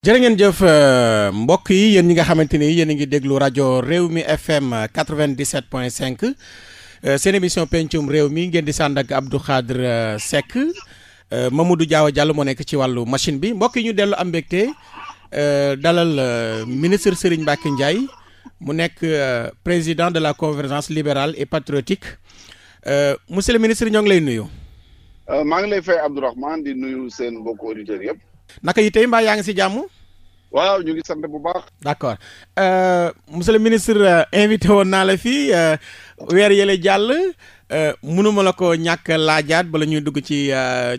jërë ngeen jëf euh, mbokk yi yéen ñi nga xamante ni yéen a ngi déglu rajo réew mi FM 97.5 seen émission pencum réew mi ngeen di sànd ak Abdou Khadre euh, Seck euh, du Diawa Diallo moo nekk ci wàllu machine bi mbokk yi ñu dellu am mbégte dalal ministre Serigne Mbacké Ndiaye mu nekk président de la convergence libérale et patriotique monsieur le ministre ñoo ngi lay nuyu. maa ngi lay fay Abdourahmane di nuyu seen mbokku auditeurs yëpp. naka yi tey mbaa yaa ngi si jàmm. waaw ñu ngi sant bu baax. d'accord euh, monsieur le ministre euh, invité woon naa la fii euh, weer yële jàll mënuma la ko ñàkk laajaat bala ñuy dugg ci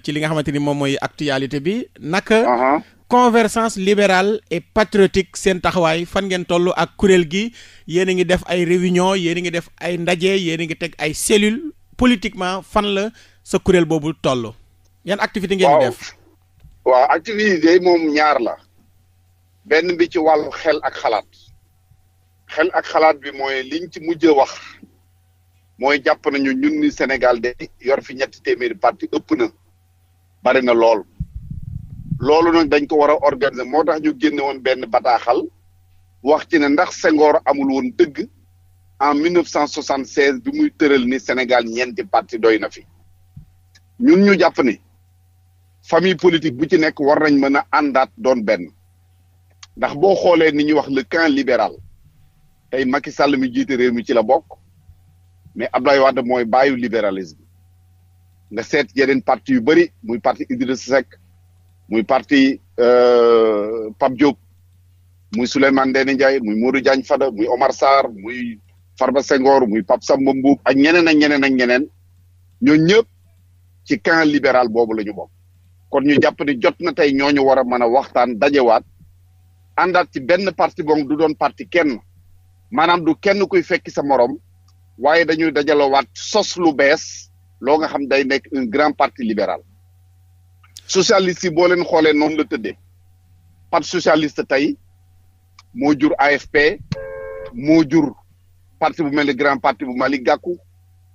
ci li nga xamante ni moom mooy actualité bi naka. Ah ah. conversance libérale et patriotique seen taxawaay fan ngeen toll ak kuréel gi yéen a ngi def ay réunion yéen a ngi def ay ndaje yéen a ngi teg ay cellule politiquement fan la sa kuréel boobu toll. yan activité ngeen di def. waaw activisé moom ñaar la benn bi ci wàll xel ak xalaat xel ak xalaat bi mooy liñ ci mujj wax mooy jàpp nañu ñun ni Sénégal de yor fi ñetti téeméeri parti ëpp na bari na lool loolu nag dañ ko war a organiser moo tax ñu génne woon benn bataaxal wax ci ne ndax Senghor amul woon dëgg en 1976 bi muy tëral ni Sénégal ñeenti parti doy na fi ñun ñu jàpp ni famille politique bu ci nekk war nañ mën a àndaat doon benn ndax boo xoolee ni ñuy wax le camp libéral tey Macky Sall mi jiit réew mi ci la bokk mais Abdoulaye Wade mooy baayu libéralisme nga seet yeneen partie yu bëri muy parti Idrissa Seck muy parti euh, Pape Diop muy Souleymane Ndéné Ndiaye muy Modou Diagne Fada muy Omar Sarr muy Farba Senghor muy Pape Samba Mboup ak ñeneen ak ñeneen ak ñeneen ñoo ñëpp ci camp libéral boobu la ñu bokk kon ñu jàpp ni jot na tey ñooñu war a mën a waxtaan dajewaat àndaat ci benn parti boog du doon parti kenn maanaam du kenn kuy fekki sa morom waaye dañuy dajalowaat sos lu bees loo nga xam day nekk un grand parti libéral socialiste yi boo leen xoolee noonu la tëddee parti socialiste tey moo jur AFP moo jur parti bu mel ni grand parti bu mali Gakou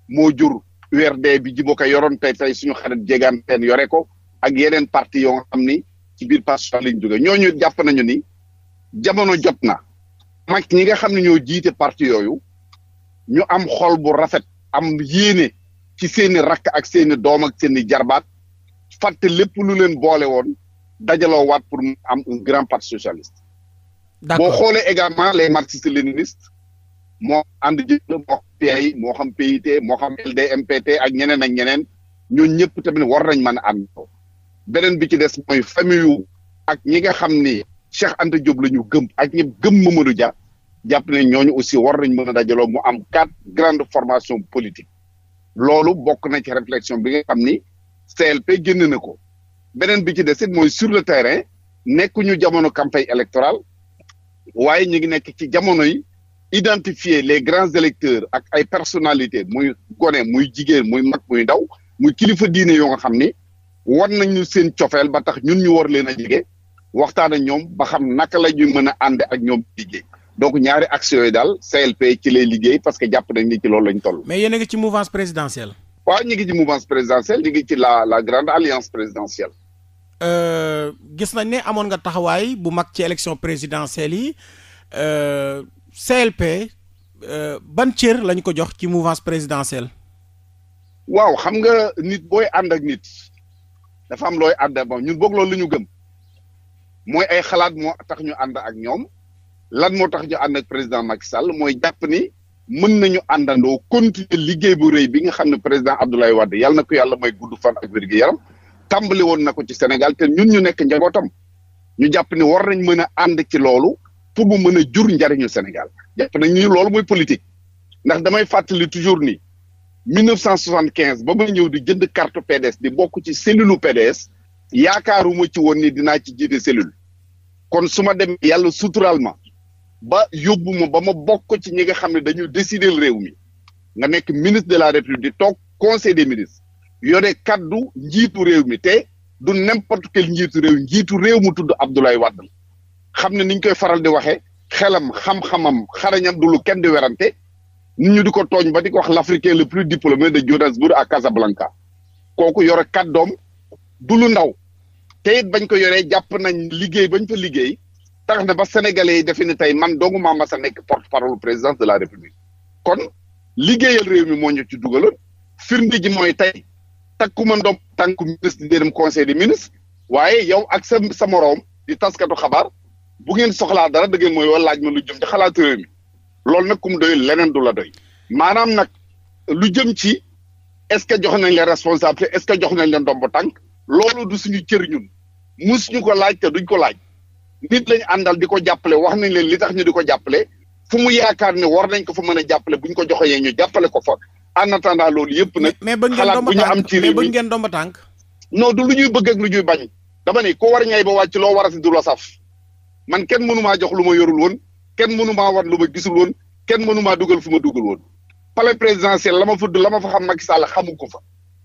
moo jur URD bi Djibo Ka yoroon tey tey suñu xarit Diégane Sène yore ko ak yeneen parti yoo am ni ci biir Pastef lañ jógee ñooñu jàpp nañu ni jamono jot na mag ñi nga xam ne ñoo jiite parti yooyu ñu am xol bu rafet am yéene ci seeni rakk ak seeni doom ak seeni jarbaat fàtte lépp lu leen boole woon dajaloo waat pour am un grand parti socialiste boo xoolee également les marxistes léninistes moo ànd jël moo xam moo xam PIT moo xam LDMPT ak ñeneen ak ñeneen ñooñu ñëpp tamit war nañ mën a ànd beneen bi ci des mooy famille ak ñi nga xam ni Cheikh Anta Diop ñu gëm ak ñi gëm Mamadou Dia jàpp ne ñooñu aussi war nañ mën a dajaloo mu am quatre grandes formation politique loolu bokk na ci réflexion bi nga xam ni CLP génn na ko beneen bi ci des it mooy sur le terrain nekkuñu jamono campagne électorale waaye ñu ngi nekk ci jamono yi identifier les grands électeurs ak ay personnalités muy gone muy jigéen muy mag muy ndaw muy kilifa diine yoo nga xam ni war nañu seen cofeel ba tax ñun ñu war leen a jege waxtaan ak ñoom ba xam naka la ñuy mën a ànd ak ñoom liggéey donc ñaari axe yooyu daal CLP ci lay liggéey parce que jàpp nañ ni ci loolu lañ toll. mais yéen ngi ci mouvance présidentielle. waaw ñu ngi ci mouvance présidentielle ñu ngi ci la la grande alliance présidentielle. Euh, gis nañ ne amoon nga taxawaay bu mag ci élection présidentielle yi euh, CLP euh, ban cër lañ ko jox ci mouvance présidentielle. waaw xam nga nit booy ànd ak nit. dafa am looy ànd bon ñu boog loolu la ñu gëm mooy ay xalaat moo tax ñu ànd ak ñoom lan moo tax ñu ànd ak président Macky Sall mooy jàpp ni mën nañu àndandoo continuer liggéey bu rëy bi nga xam ne président Abdoulaye Wade yàlla na ko yàlla mooy gudd fan ak wér yaram tàmbali woon na ko ci Sénégal te ñun ñu nekk njabootam ñu jàpp ni war nañ mën a ànd ci loolu pour mu mën a jur njariñu Sénégal jàpp nañ ni loolu mooy politique ndax damay fàttali toujours ni 1975 ba ma ñëw di jënd carte PDS di bokk ci cellule PDS yaakaaruma ci woon ni dinaa ci jiite cellule kon su ma dem yàlla suturaal ma ba yóbbu ma ba ma bokk ci ñi nga xam ne dañu décider réew mi nga nekk ministre de la di toog conseil des ministres yore kaddu njiitu réew mi te du n'importe quel njiitu réew njiitu réew mu tudd Abdoulaye Wade xam ne niñ koy faral di waxee xelam xam-xamam xarañam du kenn di werante nit ñu di ko tooñ ba di ko wax l'africain le plus diplômé de Johannesburg à Casablanca kooku yore doom du lu ndaw te it bañ ko yoree jàpp nañ liggéey bañ fa liggéey tax na ba sénégalais yi defe ne tey man dong maa mas nekk porte parole présidence de la république kon liggéeyal réew mi moo ñu ci dugaloon firnde ji mooy tey takkuma ndoom tànku ministre di dem conseil des ministres waaye yow ak sa sa moroom di taskatu xabaar bu ngeen soxlaa dara da ngeen mooy wala laaj ma lu jëm ci xalaat réew loolu nag ku doy leneen du la doy maanaam nag lu jëm ci est-ce que jox nañ leen responsabilité est-ce que jox nañ leen ndombo tànk loolu du suñu cër ñun mus ñu ko laaj te duñ ko laaj nit lañ àndal di ko jàppale wax nañ leen li tax ñu di ko jàppale fu mu yaakaar ne war nañ ko fa mën a jàppale buñ ko joxe joxee ñu jàppale ko fa en attendant loolu yëpp nag. xalaat bu ñu am ci réew mi mais bëgg ngeen ndombo tànk non du lu ñuy bëgg ak lu ñuy bañ dama ne ko war ñay ba wàcc loo warati du la saf man kenn mënumaa jox lu ma yorul woon kenn mënu maa war lu ma gisul woon kenn mënu dugal fu ma dugal woon palais présidentiel la ma fudd la ma fa xam Macky Sall xamu ko fa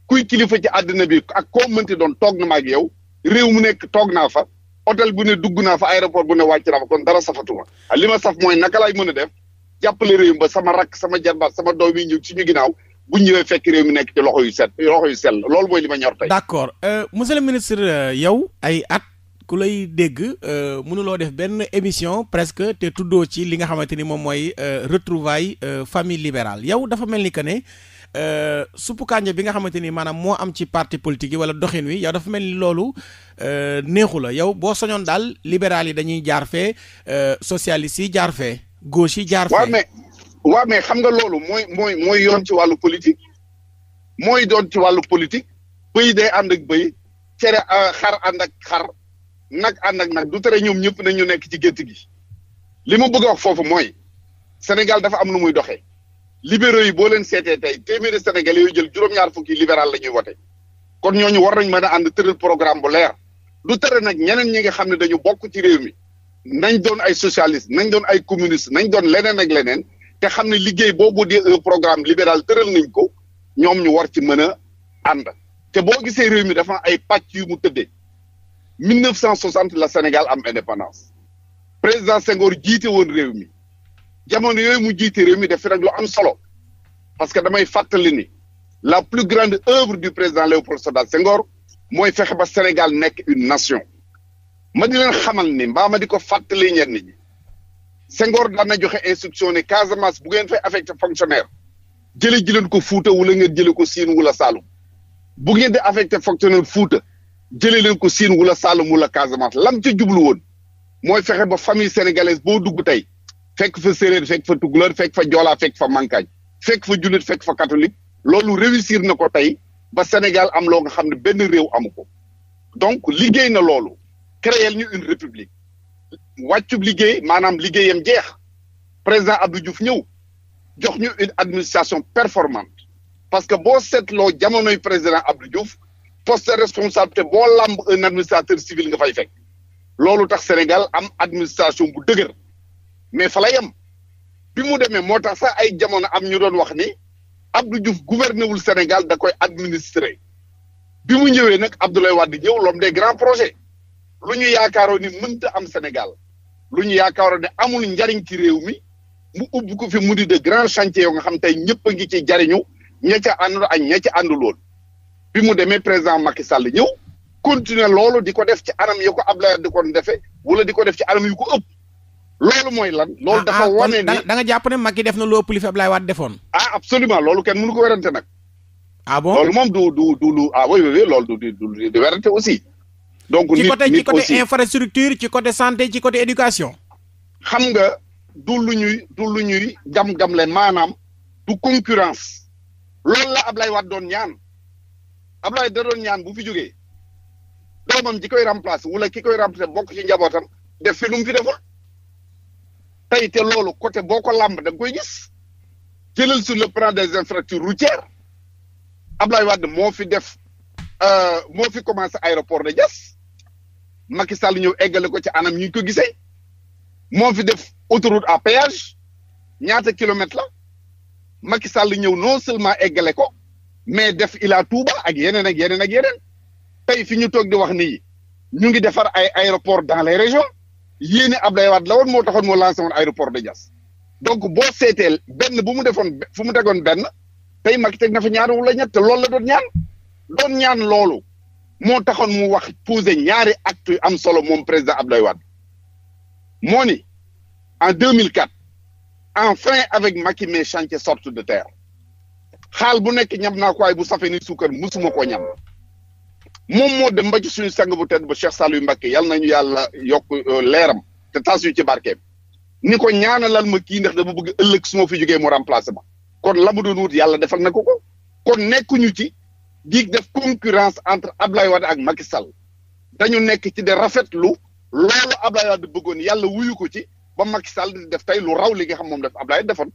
kuy kilifa ci àddina bi ak koo mënti doon toog na ma yow réew mu nekk toog naa fa hôtel bu ne dugg naa fa aéroport bu ne wàcc naa fa kon dara safatuma ah, li ma saf mooy naka laay mën a def jàppale réew mi ba sama rakk sama jarbaat sama doom yi ñëw ci ñu ginnaaw bu ñëwee fekk réew mi nekk ci loxo yu set loxo yu sell loolu mooy li ma ñor tey. d'accord euh, monsieur le ministre euh, yow ay at ku lay dégg euh, mënuloo def benn émission presque te tuddoo ci li nga xamante ni moom mooy euh, retrouvaille euh, famille libérale yow dafa mel ni que ne suppu kànja bi nga xamante ni maanaam moo am ci parti politique yi wala doxin wi yow dafa mel ni loolu neexu la yow boo soñoon daal libéral yi dañuy jaar fee socialiste yi jaar fee gauche yi jaar fee. waaw mais waaw mais xam nga loolu mooy mooy mooy yoon ci wàllu politique mooy doon ci wàllu politique bëy day ànd ak bëy cere nag ànd ak nag du tere ñoom ñëpp nañu nekk ci gétt gi li mu bëgg a wax foofu mooy Sénégal dafa am nu muy doxee libéraux yi boo leen seetee tey téeméeri Sénégal yooyu jël juróom-ñaar fukki libéral la ñuy wote kon ñooñu war nañ mën a ànd tëral programme bu leer du tere nag ñeneen ñi nga xam ne dañu bokk ci réew mi nañ doon ay socialiste nañ doon ay communiste nañ doon leneen ak leneen te xam ne liggéey boobu di programme libéral tëral nañ ko ñoom ñu war ci mën a ànd te boo gisee réew mi dafa ay pàcc yu mu tëddee 1960 la Sénégal am indépendance président Senghor jiite woon réew mi jamono yooyu mu jiite réew mi def fi nag lu am solo parce que damay fàttali ni la plus grande œuvre du président Léopold Sédar Senghor mooy fexe ba Sénégal nekk une nation ma di leen xamal ni mbaa ma di ko fàttali ñenn ñi Senghor daan na joxe instruction ne Casamance bu ngeen fay affecté fonctionnaire jële ji ko Fuuta wala ngeen jële ko Siin wala Saalum bu ngeen di affecté fonctionnaire Fuuta jëlee leen ko Siin wula Saalum wala Casamance lam ca jublu mooy fexe ba famille sénégalaise boo dugg tey fekk fa séeréer fekk fa tukulóor fekk fa joolaa fekk fa mankaañ fekk fa jullit fekk fa catholique loolu réussir na ko tey ba Sénégal am loo nga xam ne benn réew amu ko donc liggéey na loolu créer ñu une république wàccub liggéey maanaam liggéeyam jeex président Abdou Diouf ñëw jox ñu une administration performante parce que boo seetloo jamonoy président Abdou Diouf poste de responsabilité boo làmb un administrateur civil nga fay fekk loolu tax Sénégal am administration bu dëgër mais fa la yem bi mu demee moo tax sax ay jamono am ñu doon wax ni Abdou Diouf gouverné wul Sénégal da koy administré bi mu ñëwee nag Abdoulaye Wade ñëw l'homme des grands projets lu ñu yaakaaroon ni mënta am Sénégal lu ñu yaakaaroon ne amul njariñ ci réew mi mu ubbi ko fi mu di de grands chantiers yoo nga xam tey ñëpp a ngi ci jariñu ña ca àndul ak ña ca àndul woon bi mu demee président Macky Sall ñëw continuer loolu di ko def ci anam yu ko Abdoulaye di ko defe wala di ko def ci anam yu ko ëpp. loolu mooy lan. loolu dafa ah, ah, wane ni da nga jàpp ne Macky def na lu ëpp li fi Abdoulaye defoon. ah absolument loolu kenn mënu ko werante nag. ah bon loolu moom du du du lu ah oui loolu du werante aussi. donc nit nit aussi ci côté ci côté ci côté santé ci côté éducation. xam nga du lu ñuy du lu ñuy gam-gam leen maanaam du concurrence loolu la Abdoulaye Wade doon ñaan. Ablaye da doon ñaan bu fi jógee doomam ji koy remplacer wala ki koy remplacer bokk ci njabootam def fi lu fi deful tey te loolu côté boo ko làmb da koy gis jëlal sur le plan des infrastructures routières Ablaye Wade moo fi def euh, moo fi commencé aéroport de Diass Macky Sall ñëw eggale ko ci anam ñu ko gisee moo fi def autoroute à péage ñaata kilomètres la Macky Sall ñëw non seulement eggale ko. mais def Ila Touba ak yeneen ak yeneen ak yeneen tey fi ñu toog di wax nii ñu ngi defar ay aéroport dans les régions yéene Abdoulaye Wade la woon moo taxoon moo lancé woon aéroport de Diass donc boo seeteel benn bu mu defoon fu mu tegoon benn tay Macky teg na fa ñaar wala ñett loolu la doon ñaan doon ñaan loolu moo taxoon mu wax poser ñaari acte yu am solo moom président Abdoulaye Wade moo ni en 2004 enfin avec Macky mes chantiers sortent de terre xaal bu nekk ñam naa ko waaye bu safee ni suukar musuma koo ñam moom moo dem ba suñu sang bu tedd ba Cheikh Saliou Mbacké yàlla nañu yàlla yokk euh, leeram te tas yu ci barkeem ni ko ñaana ñaanalal ma kii ndax dama bëgg ëllëg suma fi jógee mu remplacé ma kon la mu nu wut yàlla defal na ko ko kon nekkuñu ci di def concurrence entre Ablaye Wade ak Macky Sall dañu nekk ci de rafetlu loolu Ablaye Wade bëggoon yàlla wuyu ko ci ba Macky Sall def tey lu raw li nga xam moom def Ablaye defoon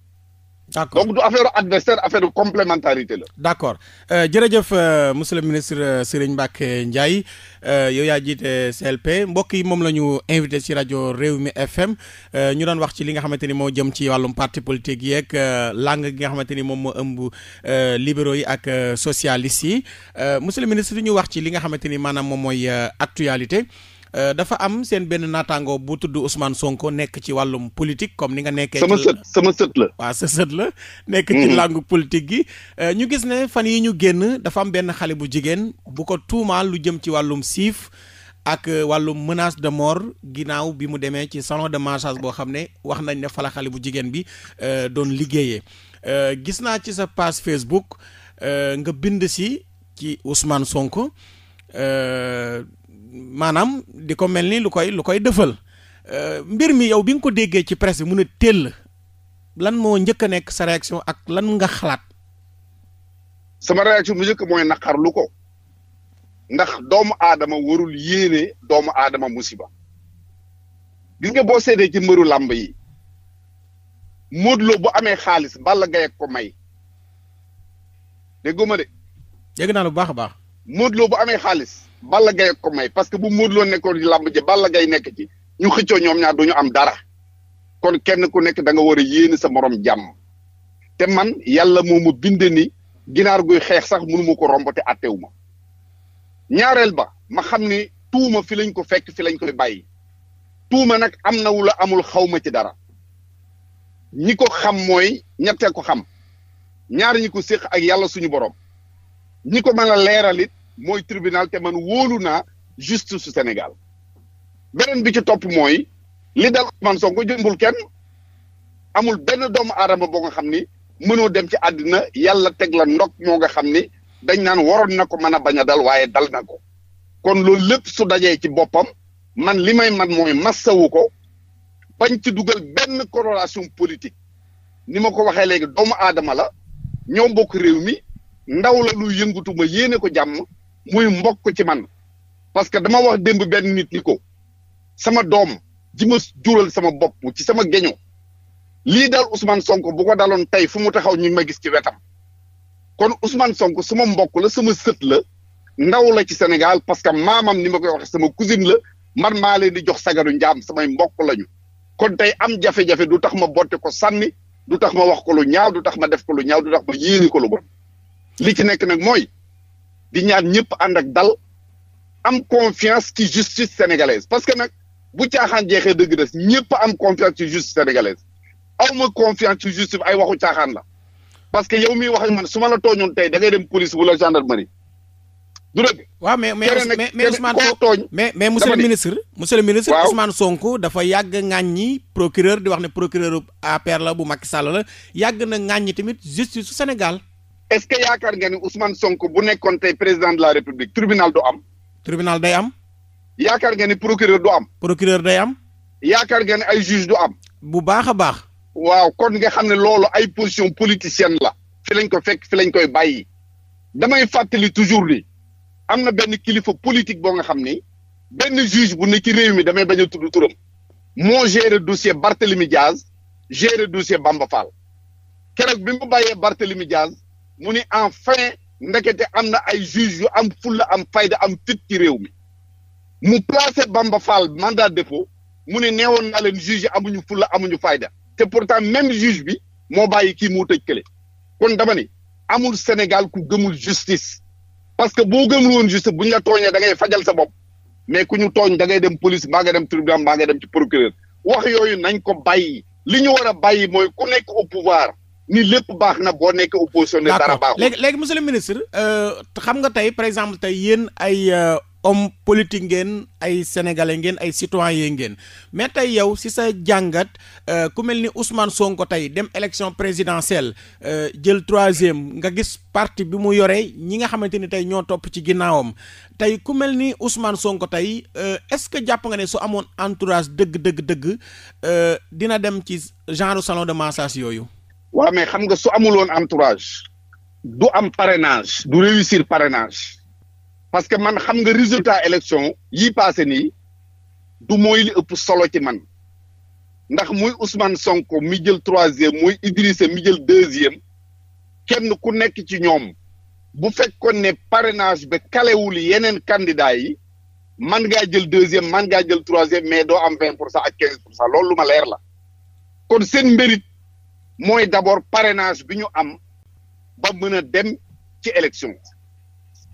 d'accord donc du affaire adversaire affaire complémentarité la. d'accord euh, jërëjëf euh, monsieur le ministre euh, Serigne Mbacké Ndiaye yow yaa jiite CLP mbokk yi moom la ñu invité ci rajo mi FM ñu doon wax ci li nga xamante ni moo jëm ci wàllum parti politique yeeg langue gi nga xamante ni moom moo ëmb libéro yi ak socialistes yi monsieur le ministre ñu wax ci li nga xamante ni maanaam moom mooy actualité. Euh, dafa am seen benn naataango bu tudd Ousmane Sonko nekk ci wàllum politique comme ni nga nekkee. sama sët sama sët la. waaw sa sët la. nekk ci mhm. làngu politique gi. Euh, ñu gis ne fan yi ñu génn dafa am benn xale bu jigéen bu ko tuumaal lu jëm ci wàllum siif. ak euh, wàllum menace de mort ginnaaw bi mu demee ci salon de massage boo xam ne wax nañ ne fala xale bu jigéen bi doon liggéeyee gis naa ci sa page Facebook nga bind si ci Ousmane Sonko maanaam di ko mel ni lu koy lu koy dëfal euh, mbir mi yow bi nga ko déggee ci presque mu ne a téll lan moo njëkk a nekk sa réaction ak lan nga xalaat. sama réaction mu njëkk mooy naqarlu ko ndax doomu aadama warul yéene doomu aadama musiba gis nga boo seetee ci mbaru làmb yi Modou bu amee xaalis Balla Gaye ko may dégguma de. dégg naa lu baax a baax. Modou bu amee xaalis Balla Gaye ko may parce que bu Modou Lo nekkoon làmb ji Balla Gaye nekk ci ñu xëccoo ñoom ñaar duñu am dara kon kenn ku nekk da nga war a yéene sa morom jàmm te man yàlla moo ma binde ginaar guy xeex sax mënu ma ko romb te ma ñaareel ba ma xam ni tuuma fi lañ ko fekk fi lañ koy bàyyi tuuma nag am na wula amul xawma ci dara ñi ko xam mooy ñetteel ko xam ñaar ñi ko séq ak yàlla suñu borom ñi ko mën a leeral mooy tribunal te man wóolu naa justice su Sénégal beneen bi ci topp mooy li dal Ousmane Sonko jëmbul kenn amul benn doomu aadama boo nga xam ni mënoo dem ci àddina yàlla teg la ndog ñoo nga xam ni dañ naan waroon na ko man a bañ a dal waaye dal na ko kon loolu lépp su dajee ci boppam man li may man mooy massawu ko bañ ci dugal benn corrélation politique ni ma ko waxee léegi doomu aadama la ñoo mbokk réew mi ndaw la luy yëngatu ma yéene ko jàmm muy mbokk ci man parce que dama wax démb benn nit ni ko sama doom ji ma jural sama bopp ci sama geño lii daal Ousmane sonk bu ko daloon tey fu mu taxaw ñu ma gis ci wetam kon Ousmane sonk suma mbokk la sama sët la ndaw la ci Sénégal parce que maamam ni ma koy waxee sama cousine la man maa leen di jox sagaru njaam samay mbokk lañu kon tey am jafe-jafe du tax ma botte ko sànni du tax ma wax ko lu ñaaw du tax ma def ko lu ñaaw du tax ma yéeni ko lu bon li ci nekk nag mooy di ñaan ñëpp ànd ak dal am confiance ci justice sénégalaise parce que nag bu caaxaan jeexee dëgg des ñëpp am confiance ci justice sénégalaise awma confiance ci justice ay waxu caaxaan la parce que yow miy wax ak man su ma la tooñoon tey da ngay dem police wala gendarmerie du dëgg. waaw mais mais mais Ousmane tooñ mais mais monsieur le ministre. monsieur le ministre Ousmane Sonko dafa yàgg ŋàññi procureur di wax ne procureur APR la bu Macky Sall la yàgg na ŋàññi tamit justice su Sénégal. est-ce que yaakaar nga ni Ousmane Sonko bu nekkoon tey président de la République tribunal du am. tribunal day am. yaakaar nga ni procureur doo am. procureur day am. yaakaar nga ni ay juge du am. bu baax a baax. waaw kon nga xam ne loolu ay position politicienne la. fi lañ ko fekk fi lañ koy bàyyi. damay fàttali toujours ni am na benn kilifa politique boo nga xam ni benn juge bu nekk ci réew mi damay bañ a tudd turam. moo géré dossier Barthélemy Diaz géré dossier Bamba Fall keroog bi mu bàyyee Barthélemy Diaz. mu ni enfin ndekete am na ay juge yu am fulla am fayda am fit ci réew mi mu placé Bamba Fall mandat dépôt mu ne neewoon naa leen juge yi amuñu fulla amuñu fayda te pourtant même juge bi moo bàyyi kii moo tëj kële kon dama ni amul Sénégal ku gëmul justice parce que boo gëmul woon justice buñ ñu la tooñee da ngay fajal sa bopp mais ku ñu tooñ da ngay dem police mbaa nga dem tribunal mbaa nga dem ci procureur wax yooyu nañ ko bàyyi li ñu war a bàyyi mooy ku nekk au ni lépp baax na boo nekk opposition ne dara baaxul léegi léegi monsieur le ministre euh, xam nga tey par exemple tey yéen ay euh, homme politique ngeen ay sénégalais ngeen ay citoyen ngeen mais tey yow si sa jàngat euh, ku mel ni Ousmane Sonko tey dem élection présidentielle jël troisième nga gis parti bi mu yore ñi nga xamante ni tey ñoo topp ci ginnaawam tey ku mel ni Ousmane Sonko tey est-ce que jàpp nga ne su amoon entourage dëgg dëgg dëgg dina dem ci genre salon de massage yooyu waa mais xam nga su amul woon entourage du am parrainage du réussir parrainage parce que man xam nga résultat élection yi passé nii du mooy li ëpp solo ci man ndax muy Ousmane Sonko mi jël troisième muy Idrissa mi jël deuxième kenn ku nekk ci ñoom bu fekkoon ne parrainage ba kalewul yeneen kandida yi man ngaa jël deuxième man ngaa jël troisième mais doo am vingt pour cent ak quinze pour cent loolu ma leer la kon seen mbérit mooy d'abord parrainage bi ñu am ba mën a dem ci élection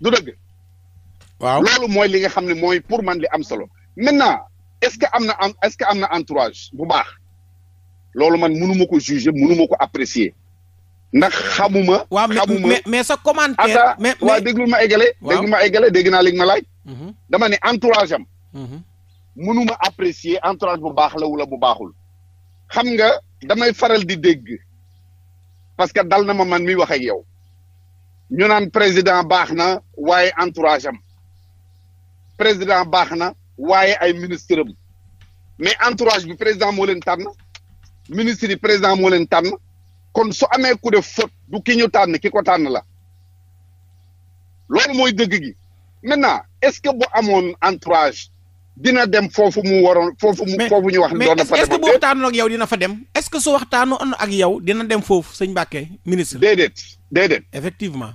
du dëgg. waaw loolu mooy li nga xam ne mooy pour man li am solo maintenant est-ce que am na est-ce que am na entourage bu baax loolu man mënu ko juger mënu ko apprécier ndax xamuma. xamuma mais mais sa commentaire. mais mais waaw déglu ma eggale. waaw déglu ma eggale dégg naa léegi ma laaj. Mhm. dama ne entourage am. Mhm. mënu ma apprécier entourage bu baax la wula bu baaxul. xam nga damay faral di dégg parce que dal na ma man mi wax ak yow ñu naan président baax na waaye entourage am président baax na waaye ay ministre am mais entourage bi président moo leen tànn ministre yi président moo leen tànn kon su amee ku def faute du ki ñu tànn ki ko tànn la loolu mooy dëgg gi maintenant est-ce que boo amoon entourage dina dem foofu mu waroon foofu mu foofu ñu wax. doon na fa dem mais est-ce que bu waxtaanoon ak yow dina fa dem est-ce ak yow dina dem foofu sëñ Mbacke ministre. déedéet déedéet. effectivement.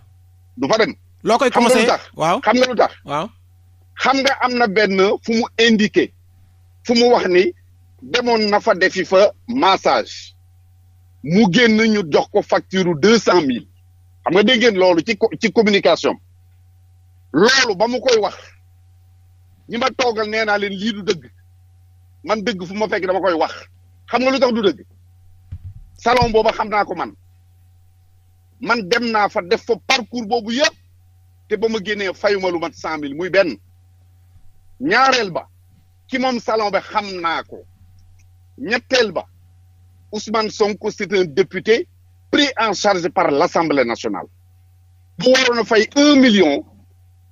du fa loo koy conseillé waaw xam nga lu tax xam nga am na benn fu mu indiqué fu mu wax ni demoon na fa defi fa massage mu génn ñu jox ko facture deux cent mille xam nga dégg ngeen loolu ci ci communication loolu ba mu koy wax. ñi ma toogal nee naa leen lii du dëgg man dëgg fu ma fekk dama koy wax xam nga lu tax du dëgg salon booba xam naa ko man man dem naa fa def fa parcours boobu yëpp te ba ma génnee fayuma lu mat cent mille muy benn ñaareel ba ki moom salon ba xam naa ko ñetteel ba Ousmane Sonko c'est un député pris en charge par l'Assemblée nationale bu waroon a fay un million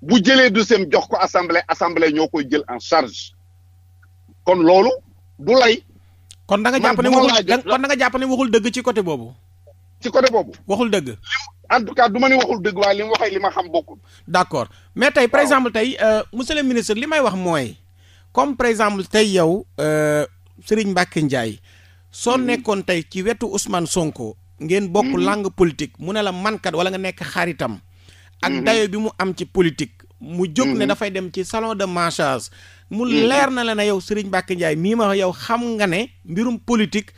bu jëlee deuxième jox ko assemblée assemblée ñoo koy jël en charge kon loolu du lay. kon da nga jàpp ne waxul kon da nga jàpp ne dëgg ci côté boobu. ci côté boobu. waxul dëgg. en tout cas du ma ni waxul dëgg waaye li mu waxee li ma xam bokkul. d' accord mais tey par exemple tey euh, monsieur le ministre li may wax mooy comme par exemple tey yow euh, Serigne Mbacke Ndiaye soo mhm. nekkoon tey ci wetu Ousmane Sonko ngeen bokk mhm. langue politique mu ne la mankat wala nga nekk xaaritam ak mhm. dayo bi mu am ci politique mu jóg ne mhm. dafay dem ci salon de massage mu mhm. leer na la ne yow Serigne Mbacké Ndiaye mii ma yow xam nga ne mbirum politique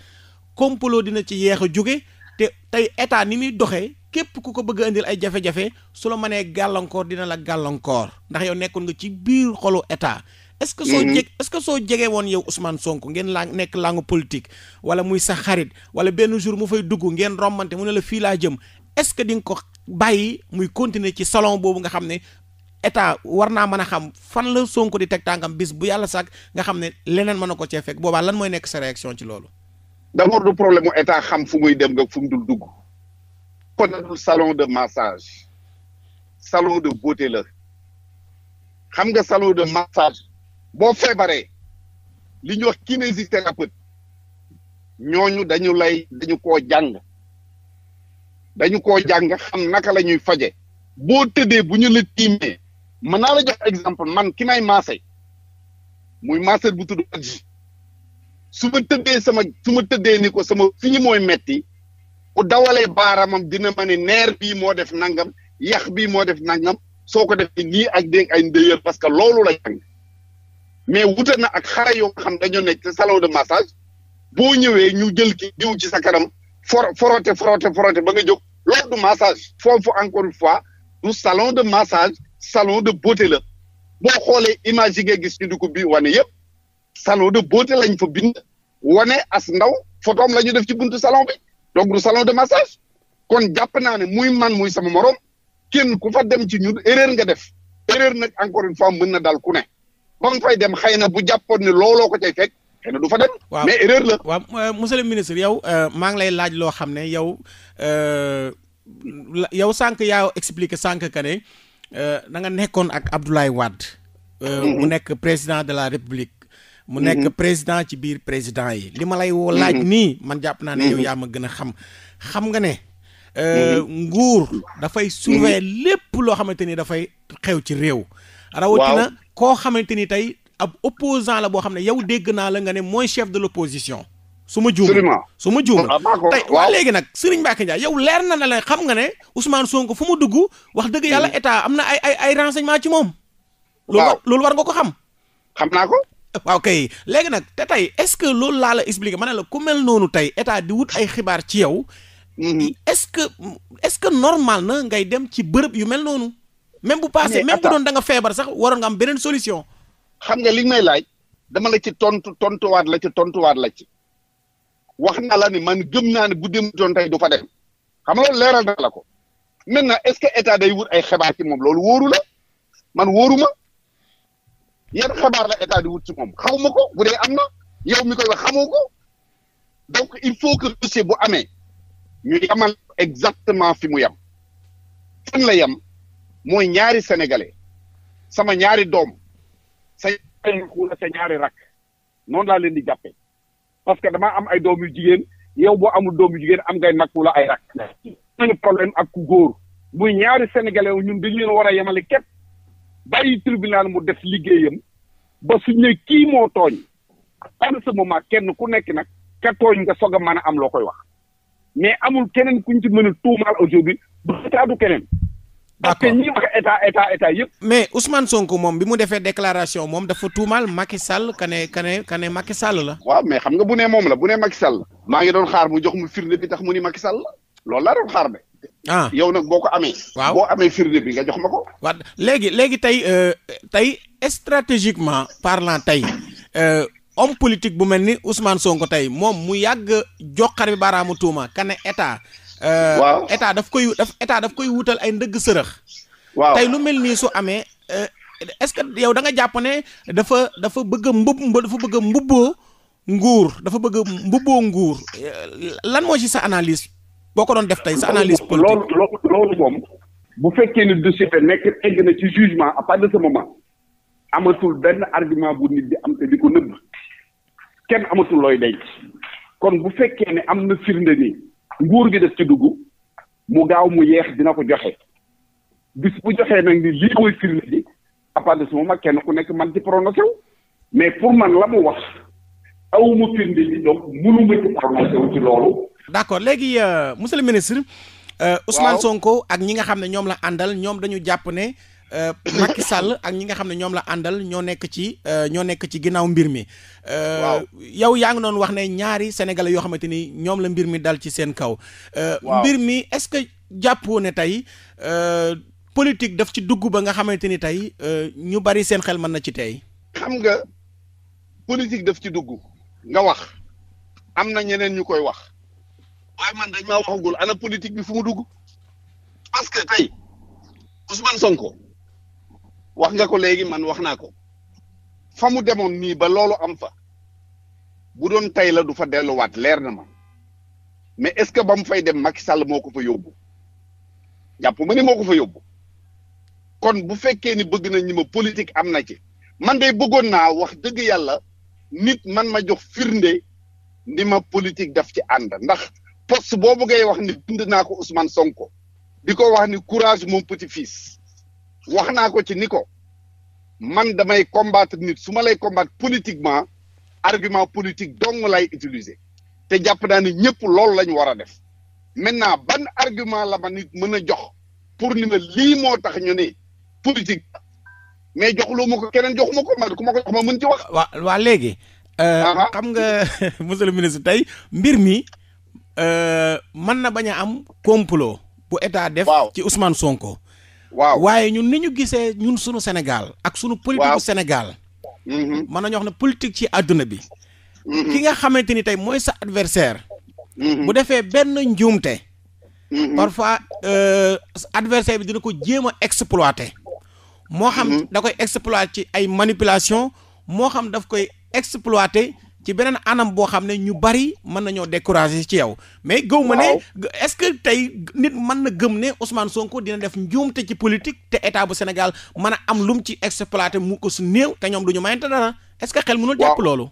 kompolo dina ci yeex a jóge te tey état ni muy doxee képp ku ko bëgg a indil ay jafe-jafe su la manee gàllankoor dina la gàllankoor ndax yow nekkoon nga ci biir xolu état est-ce que soo jeg est que soo jegee woon yow Ousmane sonk ngeen laa nekk langue politique wala muy sa xarit wala benn jour mu fay dugg ngeen rombante mu ne la fii laa jëm est-ce que di nga ko bàyyi muy continuer ci salon boobu nga xam ne état war naa mën a xam fan la Sonko di teg tànkam bis bu yàlla sàkk nga xam ne leneen mën na ko cee fekk boobaa lan mooy nekk sa réaction ci loolu. d'abord du problème mu état xam fu muy dem nga fu mu dul dugg. kon dul salon de massage. salon de beauté la. xam nga salon de massage. boo feebaree. li ñuy wax kinésithérapeute. ñooñu dañu lay dañu koo jàng. dañu ko jàng xam naka la ñuy faje boo tëddee bu ñu la tiimee mën naa la jox exemple man ki may maase muy maasal bu tudd aji su ma tëddee sama su ma tëddee ni ko sama fii mooy metti ku dawalee baaramam dina ma ne neer bii moo def nangam yax bii moo def nangam soo ko defee nii ak dégg ay ndëyër parce que loolu la jàng mais wute na ak xara yoo xam dañoo nekk ci salon de massage boo ñëwee ñu jël ki diw ci sa kanam for forote forote forote ba nga jóg lors du massage foofu encore une fois du salon de massage salon de beauté la boo xoolee image yi ngay gis ci dugub bi wane yëpp salon de beauté lañ fa bind wane as ndaw photoom la ñu def ci buntu salon bi donc du salon de massage kon jàpp naa ne muy man muy sama morom kenn ku fa dem ci ñu erreur nga def erreur nag encore une fois mën na dal ku ne ba nga fay dem xëy na bu jàppoon ne looloo ko cay fekk xëy na du fa dem. waaw mais erreur la. waaw euh, monsieur ministre yow euh, maa ngi lay laaj loo xam ne yow euh, yow sànq yaa expliqué sànq que ne da nga nekkoon ak Abdoulaye Wade. mu mm-hmm. nekk président de la République. mu mm-hmm. nekk président ci biir président yi. li ma lay woo mm-hmm. laaj nii man jàpp naa ne yow yaa ma gën a xam xam nga ne. nguur dafay surveiller lépp loo xamante ni dafay xew ci réew. rawatina koo xamante ni tey ab opposant la boo xam ne yow dégg naa la nga ne mooy chef de l'opposition su ma juum su ma juum ah, tey waa léegi nag Serigne Mbacké Ndiaye yow leer na na la xam nga ne Ousmane Sonko fu mu dugg wax dëgg yàlla hmm. état am na ay ay ay ci moom loolu loolu war nga ko xam xam naa ko waaw ah, kay léegi nag te tey est-ce que loolu laa la expliqué ma ne la ku mel noonu tey état di wut ay xibaar ci yow hmm. est-ce que est-ce que normal na ngay dem ci bërëb yu mel noonu même bu passé même bu doon da nga feebar sax waroon nga am beneen solution xam nga li may laaj dama la ci tontu tontuwaat la ci tontuwaat la ci wax na la ni man gëm naa ne bu dem doon tey du fa dem xam nga loolu leeral na la ko maintenant est-ce que état day wur ay xibaar ki moom loolu wóoru la man wóoruma yan xabaar la état di wut ci moom xaw ma ko bu dee am na yow mi koy wax xamoo ko donc il faut que dossier bu amee ñu yamal exactement fi mu yem fan la yem mooy ñaari sénégalais sama ñaari doom. sa ñaari rak noonu laa leen di jàppee parce que damaa am ay doom yu jigéen yow boo amul doom yu jigéen am ngay nag wala ay rak nañu problème ak ku góor muy ñaari sénégalais wu ñun dañu leen war a yemale képp bàyyi tribunal mu def liggéeyam ba suñ ne kii moo tooñ en ce moment kenn ku nekk nag ka tooñ nga soog a mën a am loo koy wax mais amul keneen kuñ ci mën a tuumaal aujourd'hui ba taadu keneen parce que ñi wax état état état yëpp. mais Ousmane Sonko moom bi mu defee déclaration moom dafa tuumaal Macky Sall kane kane kane Macky Sall la. waaw mais xam nga bu nee moom la bu ne Macky Sall. maa ngi doon xaar mu jox mu firnde bi tax mu ni Macky Sall la loolu laa doon xaar de. ah yow nag boo ko amee. waaw boo amee bi nga jox ma ko. waaw léegi léegi tey euh, tey stratégiquement parlant tey. Euh, homme politique bu mel ni Ousmane Sonko tey moom mu yàgg joxar bi baaraamu tuuma kane état. Euh, waaw état daf koy état daf koy wutal ay ndëgg sërëx. waaw tey lu mel nii su amee euh, est-ce que yow da nga jàpp ne dafa dafa bëgg a mbub mbubboo nguur dafa bëgg a mbubboo nguur euh, lan moo ci sa analyse boo ko doon def tey sa analyse politique. loolu moom bu fekkee ni dossier nekk egg na ci jugement à partir de moment amatul benn argument bu nit di am te di ko nëbb kenn amatul looy denc kon bu fekkee ne am na firnde nii nguur gi def ci dugg mu gaaw mu yeex dina ko joxe bis bu joxee nag ni lii mooy firnde ji à partir de ce kenn ku nekk man ci prononcé wu mais pour man la mu wax aw ma firnde ji donc mënu ma ci prononcé ci loolu. d'accord léegi euh, monsieur le ministre. Euh, waaw Ousmane Sonko ak ñi nga xam ne ñoom la àndal ñoom dañu jàpp ne. Euh, Macky Sall ak ñi nga xam ne ñoom la àndal ñoo nekk ci euh, ñoo nekk ci ginnaaw mbir mi. Euh, waaw yaa ngi noonu wax ne ñaari sénégalais yoo xamante ni ñoom la mbir mi dal ci seen kaw. mbir mi est-ce que jàppoo ne tey politique daf ci dugg ba nga xamante ni tey ñu bari seen xel mën na ci tey. xam nga politique daf ci dugg nga wax am na ñeneen ñu koy wax. waaye man dañ maa waxagul ana politique bi fu mu dugg parce que tey Ousmane Sonko wax nga ko léegi man wax naa ko fa mu demoon nii ba loolu am fa bu doon tey la du fa delluwaat leer na ma mais est-ce que ba mu fay dem Macky Sall moo ko fa yóbbu jàpp ma ni moo ko fa yóbbu kon bu fekkee ni bëgg na ñi ma politique am na ci man de bëggoon naa wax dëgg yàlla nit man ma jox firnde ni ma politique daf ci ànd ndax poste boobu ngay wax ni bind naa ko Ousmane Sonko di ko wax ni courage moom petit fils wax naa ko ci ni ko man damay combattre nit su ma lay combattre politiquement argument politique dong lay utiliser te jàpp naa ni ñëpp loolu la ñu war a def maintenant ban argument la ma nit mën a jox pour ni ma lii moo tax ñu ne politique mais joxuloo ma ko keneen joxuma ko ma ku ma ko jox ma mën ci wax. waaw waa léegi. Euh, ah ah. xam nga monsieur ministre tey mbir mi euh, man na bañ a am complot bu état def. ci Ousmane Sonko. waaw waaye ñun ni ñu gisee ñun suñu Sénégal ak suñu politique Sénégal mm-hmm. mën nañu wax ne politique ci àdduna bi mm-hmm. ki nga xamante ni tey mooy sa adversaire mm-hmm. bu defee benn njuumte parfois euh, adversaire bi dina ko jéem a exploité moo xam da koy exploité ci ay manipulation moo xam daf koy exploité ci beneen anam boo xam ne ñu bari mën nañoo décourager ci yow. mais gëw ma ne est-ce que tey nit mën na gëm ne Ousmane Sonko dina def njuumte ci politique te état bu Sénégal mën a am lu ci exploité mu ko su néew te ñoom du ñu mayante dara est-ce que xel mënul jàpp loolu.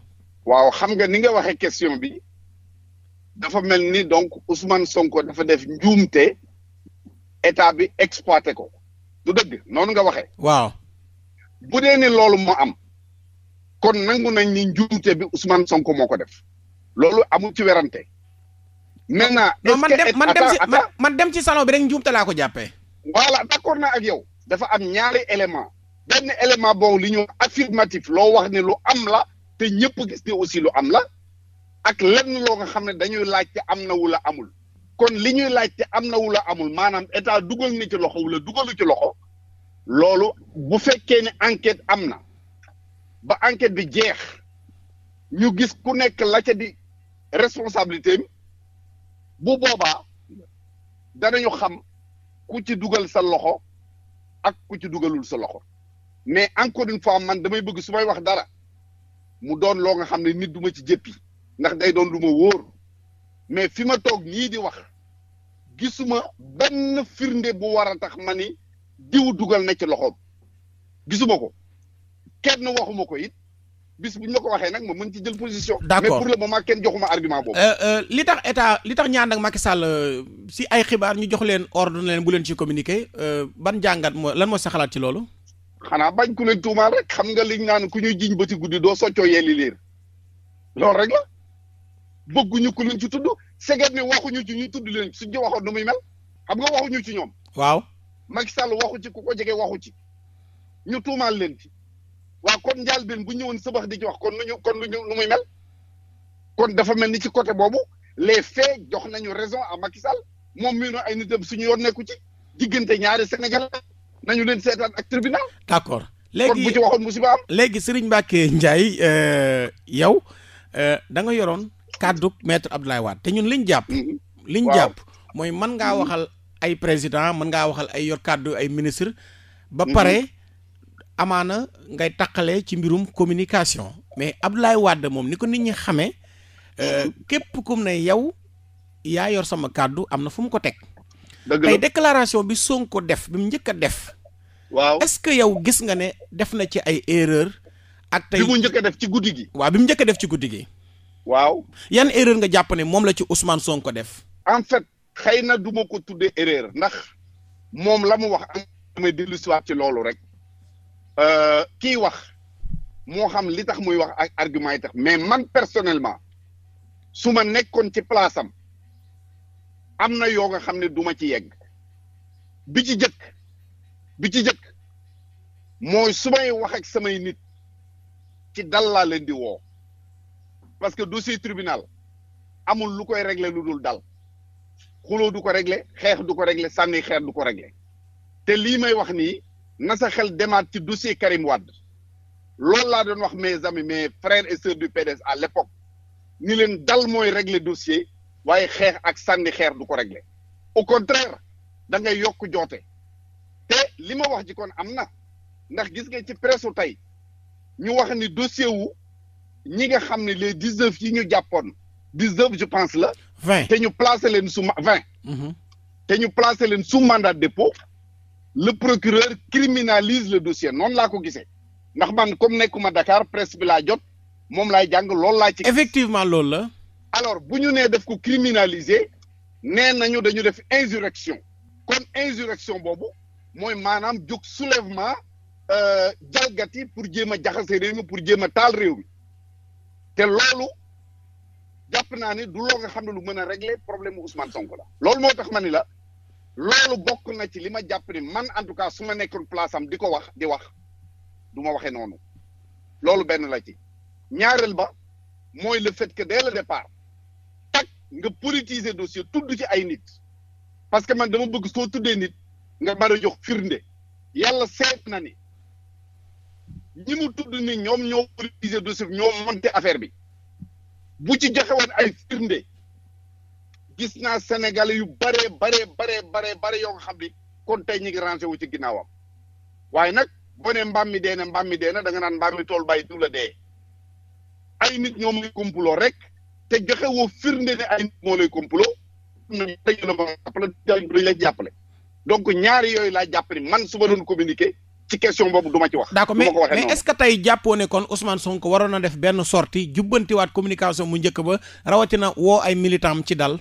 waaw xam nga ni nga waxee question bi dafa mel ni donc Ousmane Sonko dafa def njuumte état bi exploité ko. du dëgg noonu nga waxee. waaw bu dee ni loolu mu am. kon nangu nañ ni njuumte bi Ousmane Sonko moo ko def loolu amul ci werante maintenant non man dem man dem ci man dem ci salon bi rek njuumte laa ko jàppee voilà d'accord naa ak yow defa am ñaari élément benn élément boobu li ñu affirmatif loo wax ne lu am la te ñëpp gis ne aussi lu am la ak lenn loo nga xam ne dañuy laajte am na wula amul kon li ñuy laajte am na wula amul maanaam état dugal na ci loxo wula dugalu ci loxo loolu bu fekkee ne enquête am na ba enquête bi jeex ñu gis ku nekk la ca di responsabilité bu boobaa ñu xam ku ci dugal sa loxo ak ku ci dugalul sa loxo mais encore une fois man damay bëgg su may wax dara mu doon loo nga xam ne nit duma ci jëppi ndax day doon lu ma wóor mais fi ma toog nii di wax gisuma benn firnde bu war a tax ma ni diw dugal na ci loxoom gisuma ko kenn waxuma ko it bis bu ñu la ko waxee nag ma mën ci jël position. d'accord mais pour le moment kenn joxuma argument boobu. Euh, euh, li tax etaa li tax ñaan ak Macky Sall euh, si ay xibaar ñu jox leen ordre leen bu leen ci communiqué ban jàngat moo lan moo sa xalaat ci loolu. xanaa bañ ku leen tuumaal rek xam nga liñ naan ku ñuy jiñ ba ci guddi doo soccoo yee li liir loolu rek la bëgguñu ku leen ci tudd seget ni waxuñu ci ñu tudd leen si ci waxoon nu muy mel xam nga waxuñu ci ñoom. waaw Macky Sall waxu ci ku ko waxu ci ñu tuumaal leen ci. waaw kon njàlbeen bu ñëwoon sëbax di ci wax kon lu ñu kon lu ñu lu muy mel kon dafa mel ni ci côté boobu les faits jox nañu raison à Macky Sall moom mii ay nitam suñu yoon nekku ci diggante ñaari Sénégal nañu leen seetaan ak tribunal. d'accord léegi kon bu ci waxoon musiba am. léegi Serigne Mbacké Ndiaye euh, yow euh, da nga yoroon kàddu maître Abdoulaye waat te ñun liñ jàpp. Mhm. liñ jàpp mooy mën ngaa mhm. waxal ay président mën ngaa waxal ay yor kàddu ay ministre ba mhm. pare. amaana ngay taqale ci mbirum communication mais ab laay Wade moom ni ko nit ñi xamee euh, képp kum ne yow yaa yor sama kàddu am na fu mu ko teg tey déclaration bi Sonko def bi njëkk a def waaw est que yow gis nga ne def na ci ay erreur ak tey bi mu njëkk a def ci guddi gi waaw bi mu njëkk def ci guddi gi waaw yan erreur nga jàpp moom la ci Ousmane ko def en fait xëy na du ma ko tuddee erreur ndax moom la mu wax am damay dellusiwaat ci loolu rek Euh, kii wax moo xam li tax muy wax ak argument yi tax mais man personnellement su ma nekkoon ci place am am na yoo nga xam ne duma ci yegg bi ci jëkk bi ci jëkk mooy su may wax ak samay nit ci dal laa leen di woo parce que dossier tribunal amul lu koy régler lu dul dal xuloo du ko régler xeex du ko régler sànni xeer du ko régler te lii may wax nii na sa xel demaat ci dossier Karim Wade loolu laa doon wax mes amis mais frères et sœurs PDS à l'époque ni leen dal mooy régler dossier waaye xeex ak sànni xeer du ko régler au contraire da ngay yokk joote te li ma wax ji kon am na ndax gis nga ci presse tey ñu wax ni dossier wu ñi nga xam ne les dix neuf yi ñu jàppoon dix neuf je pense la. vingt te ñu placé leen sous vingt. Mhm. te ñu placé leen sous mandat le procureur criminalise le dossier noonu laa ko gisee ndax man comme nekkuma dakaar presse bi laa jot moom laay jàng loolu laa ci. effectivement loolu la. alors bu ñu nee def ko criminaliser nee nañu dañu def insurrection kon insurrection boobu mooy maanaam jóg soulèvement euh, jalgati pour jéem a jaxase réew mi pour jéem a taal réew mi te loolu jàpp naa ni du loo nga xam ne lu mën a régler problème mu Ousmane Sonko la. loolu moo tax ma ni la. loolu bokk na ci li ma jàpp ni man en tout cas su ma nekkul place am di ko wax di wax du ma waxee noonu loolu benn la ci ñaareel ba mooy le fait que dès le départ tak nga politiser dossier tudd ci ay nit parce que man dama bëgg soo tuddee nit nga mën a jox firnde yàlla seet na ni ñi mu tudd ni ñoom ñoo politiser dossier bi ñoo monter affaire bi bu ci joxe woon ay firnde gis naa sénégalais yu baree bare bare baree bare yoo xam ni kon tey ñu ngi wu ci ginnaawam waaye nag boo mbaam mi dee na mbaam mi dee na da nga naan mbaam mi tool bàyyi du la dee ay nit ñoom lay kumpuloo rek te joxe woo firnde ne ay nit moo lay kumpuloo dañu la la jàppale donc ñaari yooyu laa jàpp ni man su ma doon communiquer ci question boobu du ma ci wax. daa accord mais mais est tey jàppoo ne kon Ousmane Sonko waroon na def benn sortie jubbantiwaat communication mu njëkk ba rawatina woo ay militant am ci dal.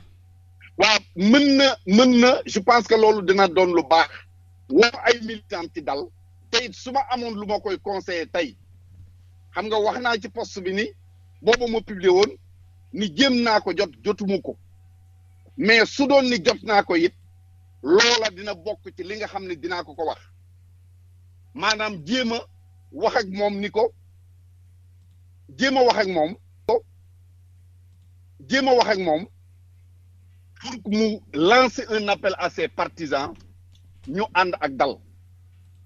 waaw mën na mën na je pense que loolu dina doon lu baax woo ay militant ci dal te su ma amoon lu ma koy conseillé tey xam nga wax naa ci post bi ni booba ma publié woon ni jéem naa ko jot jotumu ko mais su doon ni jot naa ko it loola dina bokk ci li nga xam ne dinaa ko ko wax maanaam jéem a wax moom ni ko jéem a wax ak moom jéem a wax ak moom pour mu lancer un appel à ses partisans ñu ànd ak dal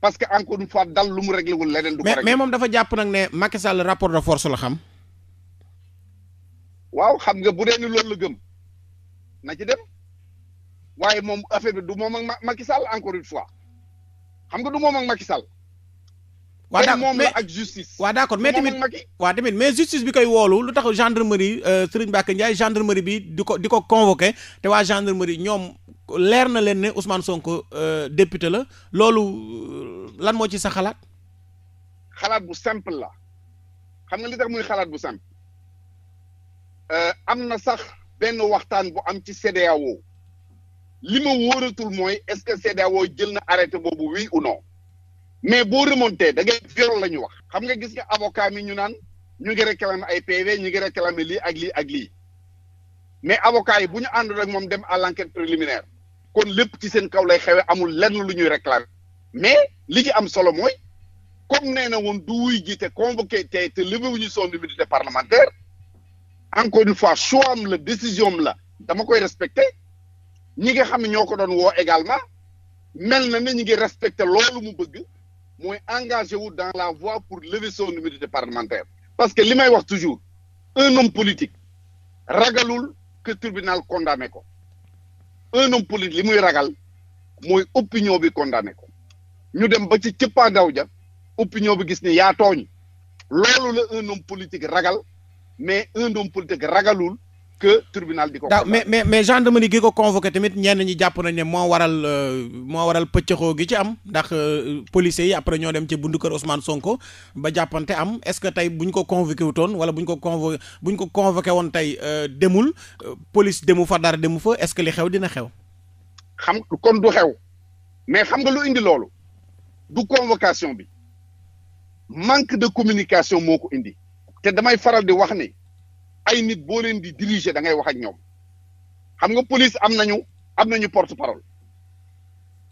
parce que encore une fois dal lu mu réglé wul leneen. du ko réglé mais moom dafa jàpp nag ne Macky Sall rapport de force la xam. waaw xam nga bu dee ni loolu la gëm na ci dem waaye moom affaire bi du moom ak Macky Sall encore une fois xam nga du moom ak Macky Sall waa da moom la ak justice waaw d' accord mais tamit waaw mais justice bi koy woolu lu tax gendarmerie euh, Serigne Mbacké Ndiaye gendarmerie bi di ko di ko convoqué te waa gendarmerie ñoom leer na leen ne Ousmane Sonko euh, député la loolu euh, lan moo ci sa xalaat xalaat bu simple la xam nga li tax muy xalaat bu simple am na sax benn waxtaan bu am ci CEDEAO li ma wóoratul mooy est-ce que CEDEAO jël na arrêté boobu oui ou mais boo remonté da ngay viol la ñu wax xam nga gis nga avocat mi ñu naan ñu ngi réclamer ay PV ñu ngi réclamer lii ak lii ak lii mais avocat yi bu ñu àndoon ak moom dem à l' enquête préliminaire kon lépp ci seen kaw lay xewe amul lenn lu ñuy réclamer mais li ci am solo mooy comme nee na woon du wuy ji te convoqué tey te levé wuñu son immunité parlementaire encore une fois choix la décision la dama koy respecté ñi nga xam ne ñoo ko doon woo également mel na ne ñu ngi respecté loolu mu bëgg mooy engagé wu dans la voie pour lever son immunité parlementaire parce que li may wax toujours un homme politique ragalul que tribunal condamné ko un politique li muy ragal mooy opinion bi condamné ko ñu dem ba ci cëppaandaw ja opinion bi gis ni yaa tooñ loolu la un homme politique ragal mais un homme politique ragalul que tribunal di ko. daaw mais mais mais gendarmerie gi ko convoqué tamit ñenn ñi jàpp nañ ne moo waral euh, moo waral pëccëxoo gi ci am ndax euh, policiers yi après ñoo dem ci bundu kër Ousmane Sonko ba jàppante am est-ce que tey bu ñu ko convoqué wutoon wala bu ñu ko convo bu ñu ko convoqué woon tey euh, demul police demu fa dara demu fa est-ce que li xew dina xew. xam kon du xew mais xam nga lu indi loolu du convocation bi manque de communication moo ko indi te damay faral di wax ni. ay nit boo leen di diriger da ngay wax ak ñoom xam nga police am nañu am nañu porte parole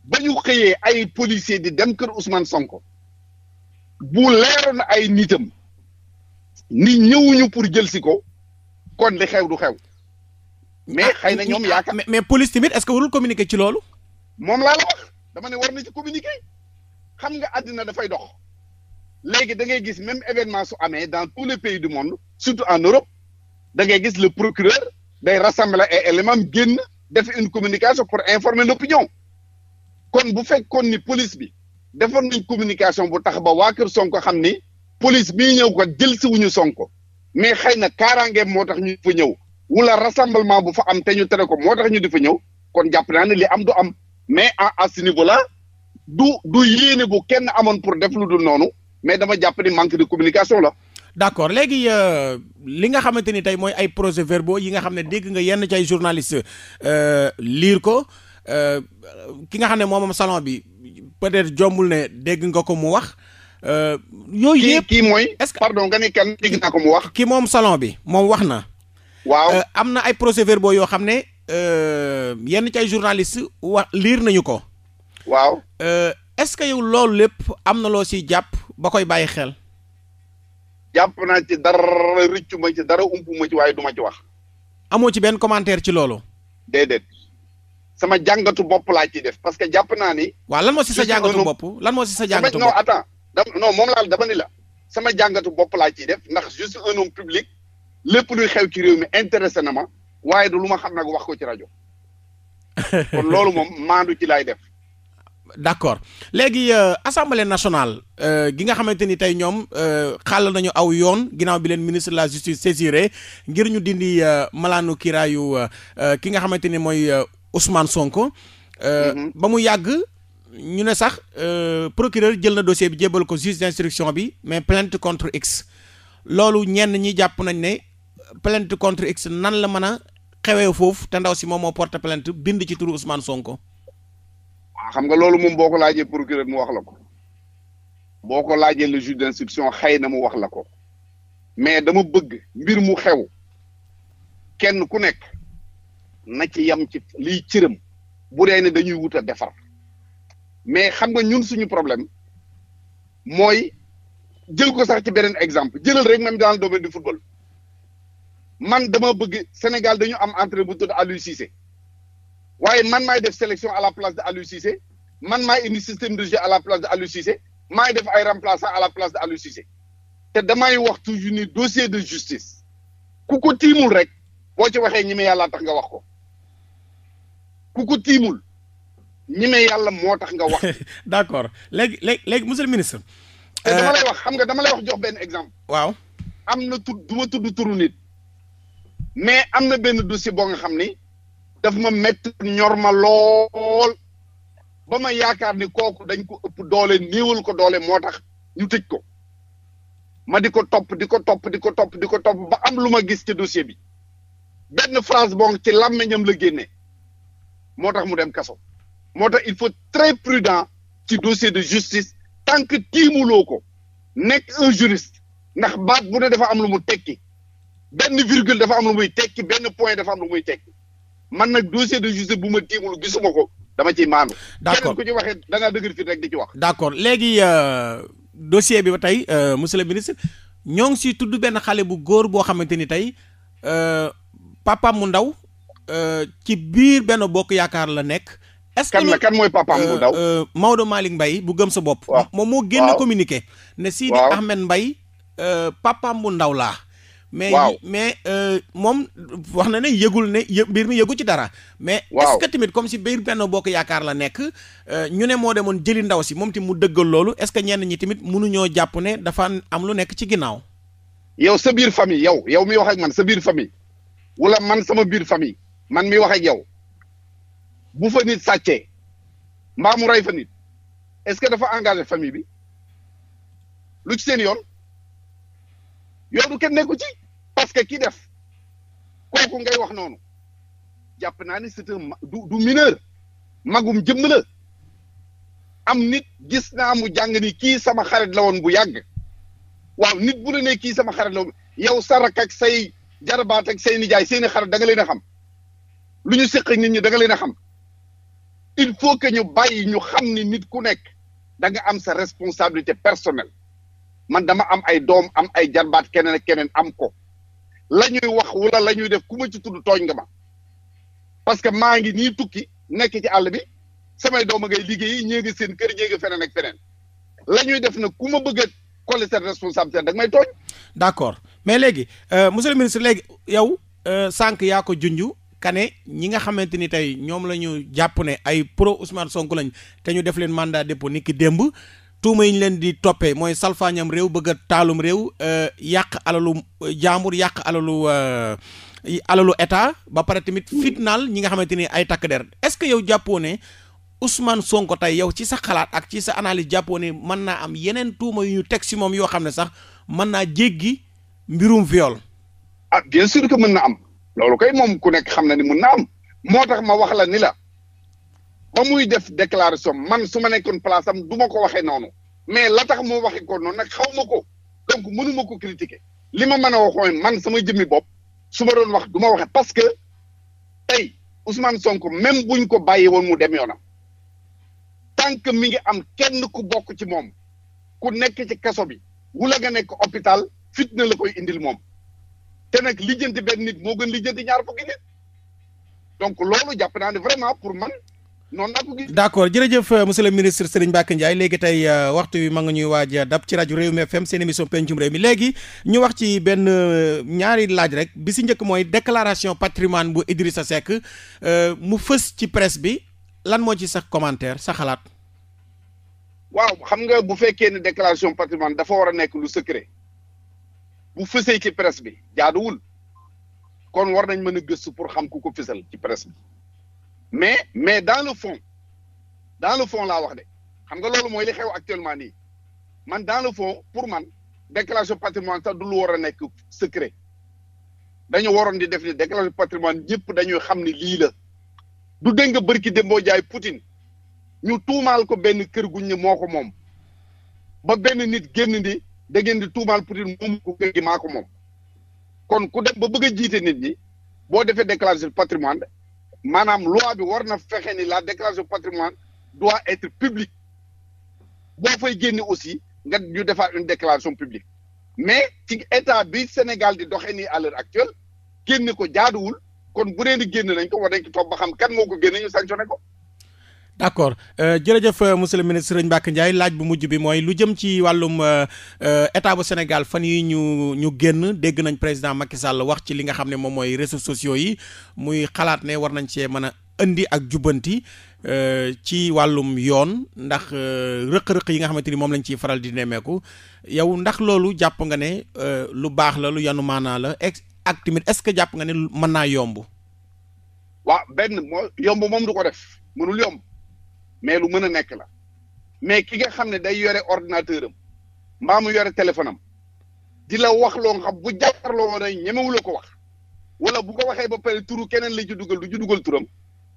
ba ñu xëyee ay policier di dem kër Ousmane Sonko bu leeroon ay nitam nit ñëwuñu pour jël si ko kon li xew du xew. mais xëy na ñoom yaakaar. mais mais police tamit est-ce que warul communiquer ci loolu. moom laa la wax dama ne war na ci communiquer xam nga àddina dafay dox léegi da ngay gis même événement su amee dans tous les pays du monde surtout en Europe. da ngay gis le procureur day rassembler ay éléments génn def une communication pour informer l'opinion kon bu fekkoon ni police bi defoon nañ communication bu tax ba waa kër Sonko xam ni police bii ñëw ko jël si wuñu Sonko mais xëy na kaaraangeem moo tax ñu fa ñëw wala rassemblement bu fa am te ñu tere ko moo tax ñu di fa ñëw kon jàpp naa ne li am du am mais à à ce niveau là du du yéene bu kenn amoon pour def lu dul noonu mais dama jàpp ni manque de communication la. d'accord léegi euh, li nga xamante ni tey mooy ay procès verbaux yi nga xam ne dégg nga yenn ci ay liir euh, lire ko euh, ki nga xam ne moomam salon bi peut-être jombul dégg nga ko mu wax. yooyu yëpp kii mooy. est-ce que nga ne kan dégg naa mu wax. ki moom salon bi moom wax na. waaw am na ay procès verbaux yoo xam ne yenn ci ay journaliste wax lire nañu ko. waaw est-ce que yow loolu lépp am na loo si jàpp ba koy bàyyi xel. jàpp naa ci dara rëccu ma ci dara ump ma ci waaye du ma wax. amoo ci benn commentaire ci loolu. déedéet sama jàngatu bopp laa ciy def parce que jàpp naa ni. waaw lan moo si sa jàngatu bopp lan moo si sa jàngatu bopp non attends non moom laa dama ni la sama jàngatu bopp laa ciy def ndax je suis un homme lépp luy xew ci réew mi intéressé na ma waaye du lu ma xam nag wax ko ci rajo kon loolu moom maandu ci laay def. d' accord léegi euh, assemblée nationale euh, gi nga xamante ni tey ñoom euh, xàll nañu aw yoon ginnaaw bi leen ministre la justice saisiré ngir ñu dindi malaanu kiiraayu ki nga xamante ni mooy Ousmane Sonko. Mhm. ba mu yàgg ñu ne sax procureur jël na dossier bi jébal ko juge d' bi mais plainte contre x loolu ñenn ñi jàpp nañ ne plainte contre x nan la mën a xewee foofu te ndaw si moom moo porte plainte bind ci turu Ousmane Sonko. waaw xam nga loolu moom boo ko laajee procureur mu wax la ko boo ko laajee le juge d'instruction xëy na mu wax la ko mais dama bëgg mbir mu xew kenn ku nekk na ci yam ci liy cëram bu dee ne dañuy wut defar mais xam nga ñun suñu problème mooy jël ko sax ci beneen exemple jëlal rek même dans le domaine du football man dama bëgg Sénégal dañu am entraîneur bu tudd Aliou waaye man maay def sélection à la place de Aliou man maay indi système de jeu à la place de Aliou Cissé def ay remplaçant à la place de Aliou Cissé te damay wax toujours ni dossier de justice ku ko tiimul rek boo ci waxee ñi me yàlla tax nga wax ko ku ko tiimul ñi me yàlla moo tax nga wax. d'accord léegi léegi léegi monsieur le ministre. te dama lay euh, wax xam nga dama lay wax jox benn exemple. waaw am na tur du ma tudd mais am na benn dossier boo nga xam ni. daf ma métti ñor ma lool ba ma yaakaar ni kooku dañ ko ëpp doole niiwal ko doole moo tax ñu tëj ko ma di ko topp di ko topp di ko topp di ko topp ba am lu ma gis ci dossier bi benn phrase bon ci làmmiñam la génnee moo tax mu dem kaso moo tax il faut très prudent ci dossier de justice tant que tiimuloo ko nekk un juriste ndax baat bu ne dafa am lu mu tekki benn virgule dafa am lu muy tekki benn point dafa am lu muy tekki man nag dossier de justice bu ma tiimul gisuma ko dama ciy maandu. d'accord keneen ci waxee da ngaa dëgër fi rek di ci wax. d'accord léegi euh, dossier bi ba tey euh, monsieur le ministre ñoo ngi siy tudd benn xale bu góor boo xamante ni tey euh, papam mu ndaw ci biir benn bokk yaakaar la nekk. est-ce que kan mooy papaam bu ndaw. Maodo Malick mbay bu gëm sa bopp. moom moo génn communiqué. ne Sidi Ahmed Mbaye papaam bu ndaw laa. mais waaw. mais euh, moom wax na ne yëgul ne yë mbir mi yëgu ci dara. mais waaw. est-ce que tamit comme si biir benn bokk yaakaar la nekk euh, ñu euh, ne moo demoon jëli ndaw si moom tamit mu dëggal loolu est-ce que ñenn ñi tamit mënuñoo jàpp ne dafa am lu nekk ci ginnaaw. yow sa biir famille yow yow mi wax ak man sa biir famille wala man sama biir famille man mi wax ak yow bu fa nit sàccee mbaa mu rey fa nit est-ce que dafa engagé famille bi lu ci seen yoon. yoonu kenn nekku ci parce que ki def kooku ngay wax noonu jàpp naa ni c'est un du du mineur magum jëmm am nit gis naa mu jàng ni kii sama xarit la woon bu yàgg waaw nit bu la ne kii sama xarit la woon yow sa rakk ak say jarabaat ak say nijaay seeni xarit da nga leen a xam lu ñu séq nit ñi danga leen a xam il faut que ñu bàyyi ñu xam ni nit ku nekk da nga am sa responsabilité personnel man dama am ay doom am ay jarbaat keneen ak keneen am ko la ñuy wax wala la ñuy def ku ci tudd tooñ nga ma parce que maa ngi nii tukki nekk ci àll bi samay doom a ngay liggéeyi ñée seen kër ñée feneen ak feneen la ñuy def na ku ma bëgg a collé seen responsabilité da nga may tooñ. d' accord mais léegi euh, monsieur le ministre léegi yow euh, sànq yaa ko junj kane ñi nga xamante ni tey ñoom la ñu jàpp ne ay pro Ousmane Sonko lañ te ñu def leen mandat dépôt ni ki démb. tuuma yi ñu leen di toppee mooy salfaañam réew bëgg taalum réew euh, yàq alalu euh, jaambur yàq alalu euh, alalu état ba pare tamit fitnaal ñi nga xamante ni ay takk der est-ce que yow jàppoo ne Ousmane Sonko tey yow ci sa xalaat ak ci sa analyse jàppoo ne mën naa am yeneen tuuma yu ñu teg si moom yoo xam ne sax mën naa jéggi mbirum viol. ah bien sûr que mën na am loolu koy moom ku nekk xam na ni mën na am moo tax ma wax la ni la. ba muy def déclaration man su ma nekkoon place am du ma ko waxee noonu mais la tax moo waxee ko noonu nag xaw ma ko donc mënuma ko critiquer li ma mën a waxoon man sama jëmmi bopp su ma doon wax du ma waxee parce que tey Ousmane Sonko même buñ ko bàyyi woon mu dem yoonam tant mi ngi am kenn ku bokk ci moom ku nekk ci kaso bi wula nga nekk hôpital fitna la koy indil moom te nag lijjanti benn nit moo gën lijjanti ñaar fukki nit donc loolu jàpp naa ne vraiment pour man noonu laa ko gis. d' accord jërëjëf euh, monsieur le ministre Serigne Mbacké Ndiaye léegi tey euh, waxtu wi ma nga ñuy waaj dab ci rajo Rewmi FM seen émission pencum réew mi léegi ñu wax ci benn euh, ñaari laaj rek bi si njëkk mooy déclaration patrimoine bu Idrissa Seck mu fës ci presse bi lan moo ci sa commentaire sa xalaat. waaw xam nga bu fekkee ne déclaration patrimoine dafa war a nekk lu secret bu fësee ci presse bi jaaduwul kon war nañ mën a gëstu pour xam ku ko fësal ci presse bi. mais mais dans le fond dans le fond laa wax de xam nga loolu mooy li xew actuellement nii man dans le fond pour man déclaration patrimoine sax du lu war a nekk secret dañu waroon di def ni déclaration patrimoine ñëpp dañuy xam ne lii la du dégg nga bërki démboo jaay Poutine ñu tuumaal ko benn kër guñ ne moo ko moom ba benn nit génn di da ngeen di tuumaal Poutine moom ko kër gi kon ku dem ba bëgg a jiite nit ñi boo defee déclaration patrimoine maanaam loi bi war na fexe ni la déclaration de patrimoine doit être publique boo fay génne aussi ngat ñu defaat une déclaration publique mais ci état bi Sénégal di doxee ni à l'heure actuelle génne ko jaaduwul kon bu dee ni génne nañ ko war nañ xam kan moo ko génne ñu sanctionné ko d' accord euh, jërëjëf euh, monsieur le ministre Serigne Mbacké Ndiaye laaj bu mujj bi mooy lu jëm ci wàllum euh, état bu Sénégal fan yi ñu ñu génn dégg nañ président Macky Sall wax ci li nga xam ne moom mooy réseaux sociaux yi muy xalaat ne war nañ cee mën a indi ak jubbanti ci wàllum yoon ndax rëq-rëq yi nga xamante ni moom lañ ciy faral di nemmeeku yow ndax loolu jàpp nga ne lu baax la lu yanu maanaa la ak tamit est ce que jàpp nga ne mën naa yomb. waaw benn moo yomb moom du ko def mais lu mën a nekk la mais ki nga xam ne day yore ordinateur am mbaa mu yore téléphone am di la wax loo xam bu jàkkaarloo woon rek ñemewu la ko wax wala bu ko waxee ba pare turu keneen la ci dugal du ci dugal turam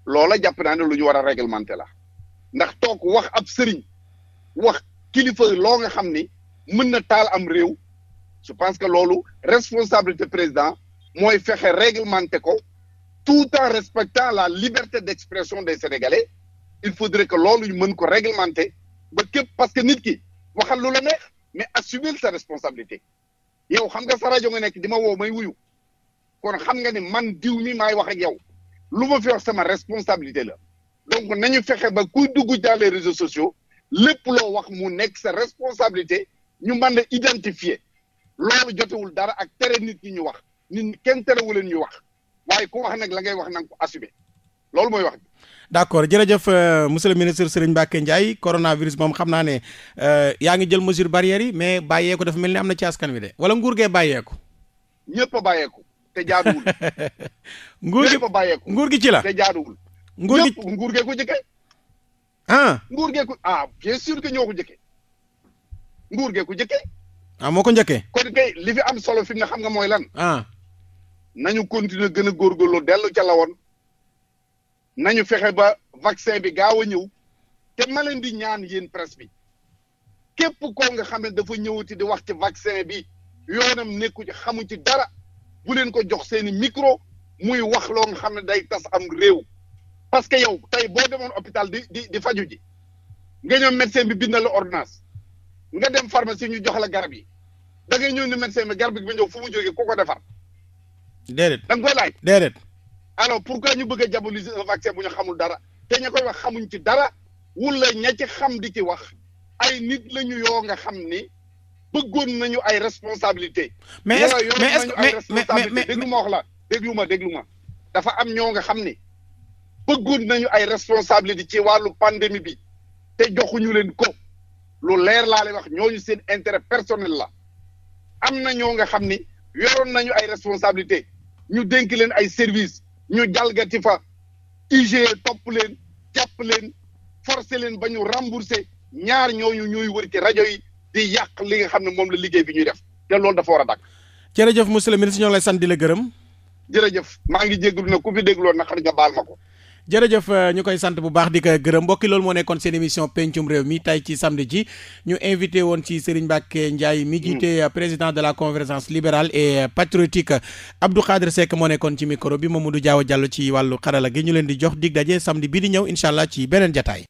loola jàpp naa ne lu ñu war a réglementé la ndax toog wax ab sëriñ wax kilifa loo nga xam ni mën na taal am réew je pense que loolu responsabilité président mooy fexe réglementé ko tout en respectant la liberté d'expression des Sénégalais il faudrait que loolu ñu mën ko réglementer ba képp parce que nit ki waxal lu la neex mais assumer sa responsabilité yow xam nga sa rajo nga nekk di ma woo may wuyu kon xam nga ni man diw mi may waxeek ak yow lu ma fi wax sama responsabilité la donc nañu fexe ba kuy dugg dans les réseaux sociaux lépp loo wax mu nekk sa responsabilité ñu mën a identifier loolu jotewul dara ak tere nit ki ñu wax nit kenn terewu leen ñu wax waaye ku wax nag la ngay wax na ko assumer loolu mooy wax bi d' accord jërëjëf euh, monsieur le ministre Serigne Mbacké korona coronavirus moom xam naa ne euh, yaa ngi jël mesure barrière yi mais bàyyeeku dafa mel ni am na ci askan wi de wala nguur gee bàyyeeku. ñëpp a bàyyeeku te jaaduwul. nguur gi nguur gi ci la te jaaduwul. nguur gi nguur gee ko jëkkee. ah nguur gee ko ah bien sûr que ko jëkkee nguur gee ko jëkkee. ah moo ko njëkkee. kon kay li fi am solo fi mu ne xam nga mooy lan. ah nañu continuer gën a góorgóorlu dellu ca la woon nañu fexe ba vaccin bi gaaw a ñëw te ma leen di ñaan yéen presse bi képp koo nga xam ne dafa ñëwati di wax ci vaccin bi yoonam nekku ci xamu ci dara bu leen ko jox seeni micro muy wax loo nga xam ne day tas am réew parce que yow tey boo demoon hôpital di di di faju ji nga ñëw médecin bi bindal la ordinance nga dem pharmacie ñu jox la garab yi da ngay ñëw ni médecin bi garab bi ba ñëw fu mu jógee ku ko defar. déedéet da nga koy laaj alors pourquoi ñu bëgg a diaboliser un vaccin bu ñu xamul dara te ña koy wax xamuñ ci dara wula ña ci xam di ci wax ay nit la ñu yoo nga xam ni bëggoon nañu ay responsabilité mais est-ce que mais mais mais ma wax la déglu ma dafa am ñoo nga xam ni bëggoon nañu ay responsabilité ci wàllu pandémie bi te joxuñu leen ko lu leer laale lay wax ñooñu seen intérêt personnel la am na ñoo nga xam ni yoroon nañu ay responsabilité ñu dénk leen ay service ñu jalgati fa IGE topp leen jàpp leen forcé leen ba ñu remboursé ñaar ñoo ñooñu ñuy wër ci rajo yi di yàq li nga xam ne moom la liggéey bi ñuy def te da dafa war a dàkk. jërëjëf monsieur le ministre ñoo lay sant di la gërëm. jërëjëf maa ngi jégalu na ku fi dégluwoon nag xam nga baal ma ko. jërëjëf euh, ñu koy sant bu baax di ko gërëm mbokki loolu moo nekkoon seen émission pencum réew mi tey ci samedi ji ñu invité woon ci Serigne Mbacké Ndiaye mi jiite mm. euh, président de la convergence libérale et euh, patriotique Abdou Khadre sekk moo nekkoon ci micro bi du Diaw jàll ci wàllu xarala gi ñu leen di jox dig daje samedi bii di ñëw incha allah ci beneen jataay